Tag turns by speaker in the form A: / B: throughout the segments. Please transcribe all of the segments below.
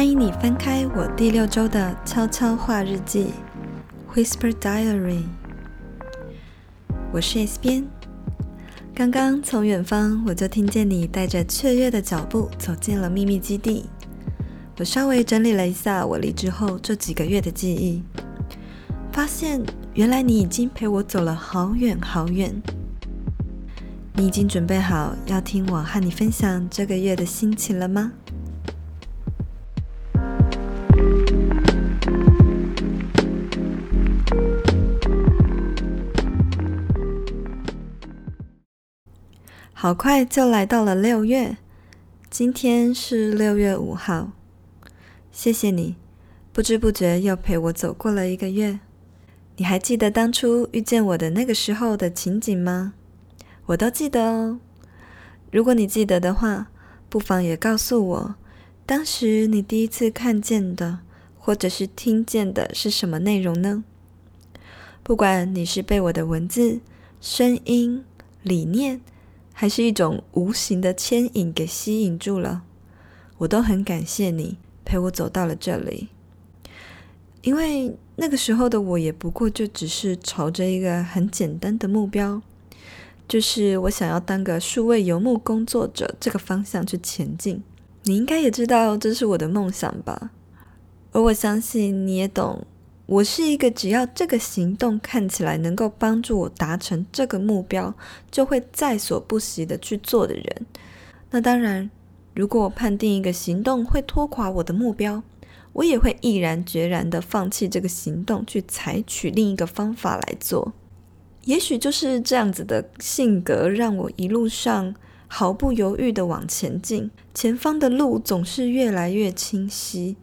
A: 歡迎你翻開我第六週的悄悄話日記 （Whisper Diary）。我是 S 編，剛剛從遠方，我就聽見你帶着雀躍的腳步走進了秘密基地。我稍微整理了一下我離職後這幾個月的記憶，發現原來你已經陪我走了好遠好遠。你已經準備好要聽我和你分享這個月的心情了嗎？好快就來到了六月，今天是六月五號。謝謝你，不知不覺又陪我走過了一個月。你還記得當初遇見我的那個時候的情景嗎？我都記得哦。如果你記得的話，不妨也告訴我，當時你第一次看見的或者是聽見的是什麼內容呢？不管你是被我的文字、聲音、理念，還是一種無形的牽引給吸引住了，我都很感謝你陪我走到了這裡，因為那個時候的我也不過就只是朝着一個很簡單的目標，就是我想要當個數位游牧工作者這個方向去前進。你應該也知道這是我的夢想吧？而我相信你也懂。我是一個只要這個行動看起來能夠幫助我達成這個目標，就會在所不惜的去做的人。那當然，如果我判定一個行動會拖垮我的目標，我也會毅然決然的放棄這個行動，去採取另一個方法來做。也許就是這樣子的性格，讓我一路上毫不猶豫的往前進，前方的路總是越來越清晰。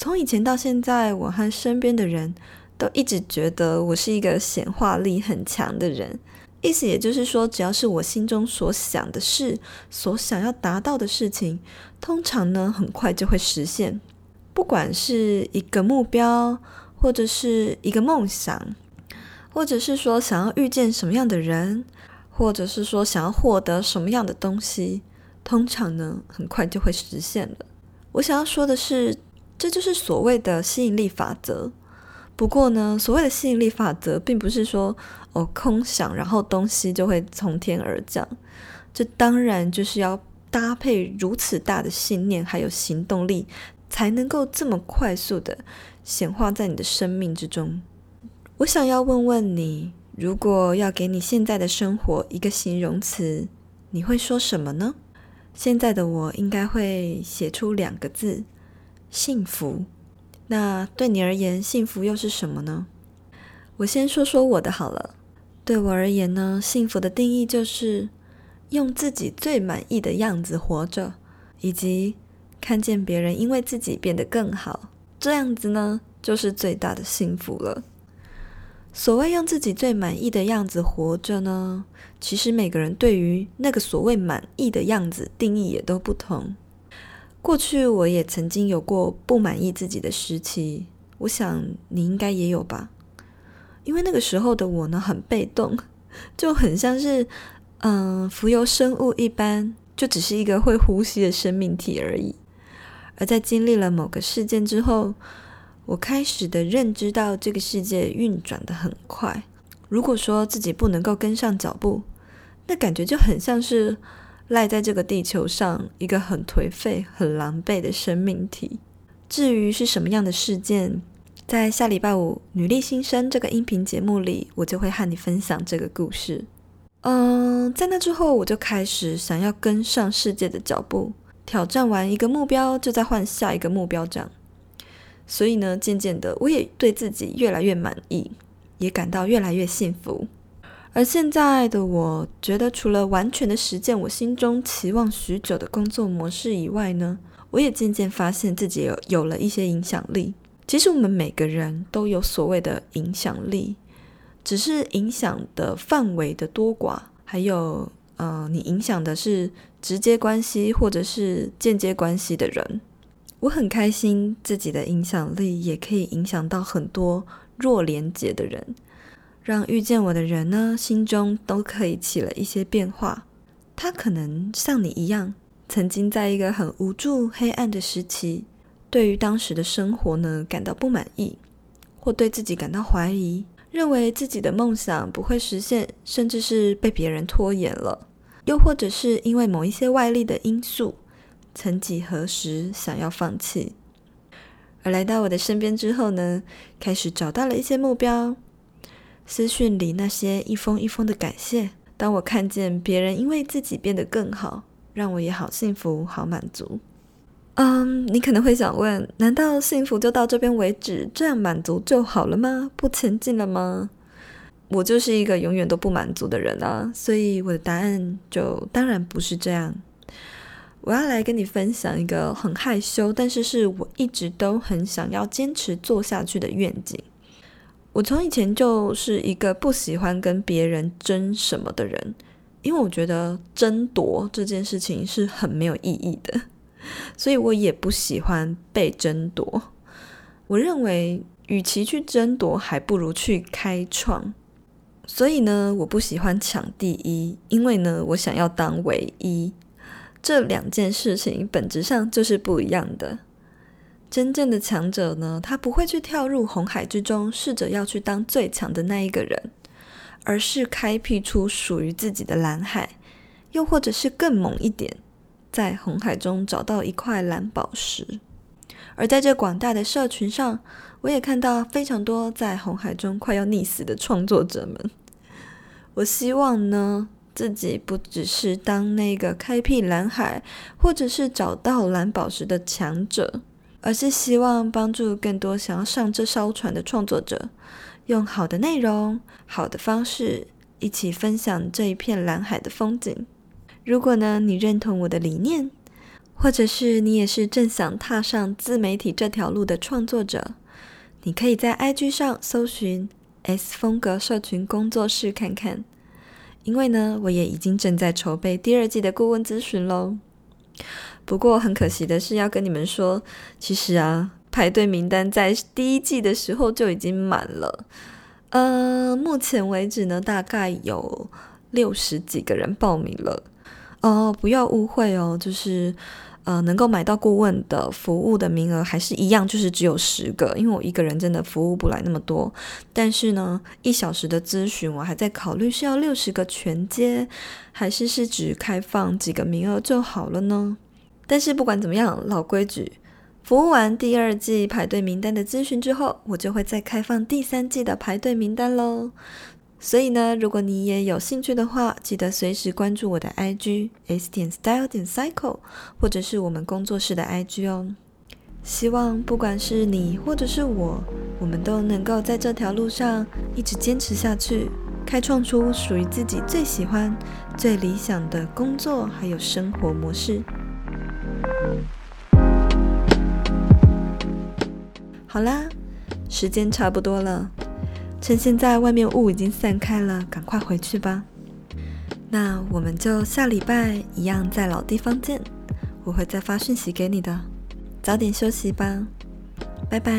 A: 從以前到現在，我和身邊的人都一直覺得我是一個顯化力很強的人。意思也就是說，只要是我心中所想的事、所想要達到的事情，通常呢，很快就會實現。不管是一個目標，或者是一個夢想，或者是說想要遇見什麼樣的人，或者是說想要獲得什麼樣的東西，通常呢，很快就會實現了。我想要說的是，這就是所謂的吸引力法則。不過呢，所謂的吸引力法則，並不是說哦，空想，然後東西就會從天而降。這當然就是要搭配如此大的信念，還有行動力，才能夠這麼快速地顯化在你的生命之中。我想要問問你，如果要給你現在的生活一個形容詞，你會說什麼呢？現在的我應該會寫出兩個字。幸福，那對你而言，幸福又是什麼呢？我先說說我的好了。對我而言呢，幸福的定義就是用自己最滿意的樣子活着，以及看見別人因為自己變得更好。這樣子呢，就是最大的幸福了。所謂用自己最滿意的樣子活着呢，其實每個人對於那個所謂滿意的樣子定義也都不同。過去我也曾經有過不滿意自己的時期，我想你應該也有吧。因為那個時候的我呢，很被動，就很像是嗯浮游生物一般，就只是一個會呼吸的生命體而已。而在經歷了某個事件之後，我開始的認知到這個世界運轉得很快。如果說自己不能夠跟上腳步，那感覺就很像是，賴在這個地球上一個很頹廢、很狼狽的生命體。至於是什麼樣的事件，在下禮拜五《女力新生》這個音頻節目裡，我就會和你分享這個故事。嗯，在那之後，我就開始想要跟上世界的腳步，挑戰完一個目標，就再換下一個目標，這樣。所以呢，漸漸的，我也對自己越來越滿意，也感到越來越幸福。而現在的我覺得，除了完全的實踐我心中期望許久的工作模式以外呢，我也漸漸發現自己有有了一些影響力。其實我們每個人都有所謂的影響力，只是影響的範圍的多寡，還有呃，你影響的是直接關係或者是間接關係的人。我很開心自己的影響力也可以影響到很多弱連結的人。讓遇見我的人呢，心中都可以起了一些變化。他可能像你一樣，曾經在一個很無助、黑暗的時期，對於當時的生活呢，感到不滿意，或對自己感到懷疑，認為自己的夢想不會實現，甚至是被別人拖延了。又或者是因為某一些外力的因素，曾幾何時想要放棄。而來到我的身邊之後呢，開始找到了一些目標。私訊裡那些一封一封的感謝，當我看見別人因為自己變得更好，讓我也好幸福，好滿足。嗯，Um，你可能會想問：難道幸福就到這邊為止？這樣滿足就好了嗎？不前進了嗎？我就是一個永遠都不滿足的人啊，所以我的答案就當然不是這樣。我要來跟你分享一個很害羞，但是是我一直都很想要堅持做下去的願景。我從以前就是一個不喜歡跟別人爭什麼的人，因為我覺得爭奪這件事情是很沒有意義的，所以我也不喜歡被爭奪。我認為，與其去爭奪，還不如去開創。所以呢，我不喜歡搶第一，因為呢，我想要當唯一。這兩件事情本質上就是不一樣的。真正的強者呢，他不會去跳入紅海之中，試着要去當最強的那一個人，而是開闢出屬於自己的藍海，又或者是更猛一點，在紅海中找到一塊藍寶石。而在這廣大的社群上，我也看到非常多在紅海中快要溺死的創作者們。我希望呢，自己不只是當那個開闢藍海，或者是找到藍寶石的強者。而是希望幫助更多想要上這艘船的創作者，用好的內容、好的方式，一起分享這一片藍海的風景。如果呢，你認同我的理念，或者是你也是正想踏上自媒體這條路的創作者，你可以在 IG 上搜尋 S 風格社群工作室看看，因為呢，我也已經正在籌備第二季的顧問諮詢嘍。不過很可惜的是，要跟你們說，其實啊，排隊名單在第一季的時候就已經滿了。呃，目前為止呢，大概有六十幾個人報名了。哦、呃，不要誤會哦，就是。呃，能夠買到顧問的服務的名額還是一樣，就是只有十個，因為我一個人真的服務不來那麼多。但是呢，一小時的諮詢我還在考慮是要六十個全接，還是是只開放幾個名額就好了呢？但是不管怎麼樣，老規矩，服務完第二季排隊名單的諮詢之後，我就會再開放第三季的排隊名單嘍。所以呢，如果你也有興趣的話，記得隨時關注我的 IG s 點 style 點 cycle，或者是我們工作室的 IG 哦。希望不管是你或者是我，我們都能夠在這條路上一直堅持下去，開創出屬於自己最喜歡、最理想的工作還有生活模式。好啦，時間差不多了。趁現在外面霧已經散開了，趕快回去吧。那我們就下禮拜一樣在老地方見，我會再發訊息給你的。早點休息吧，拜拜。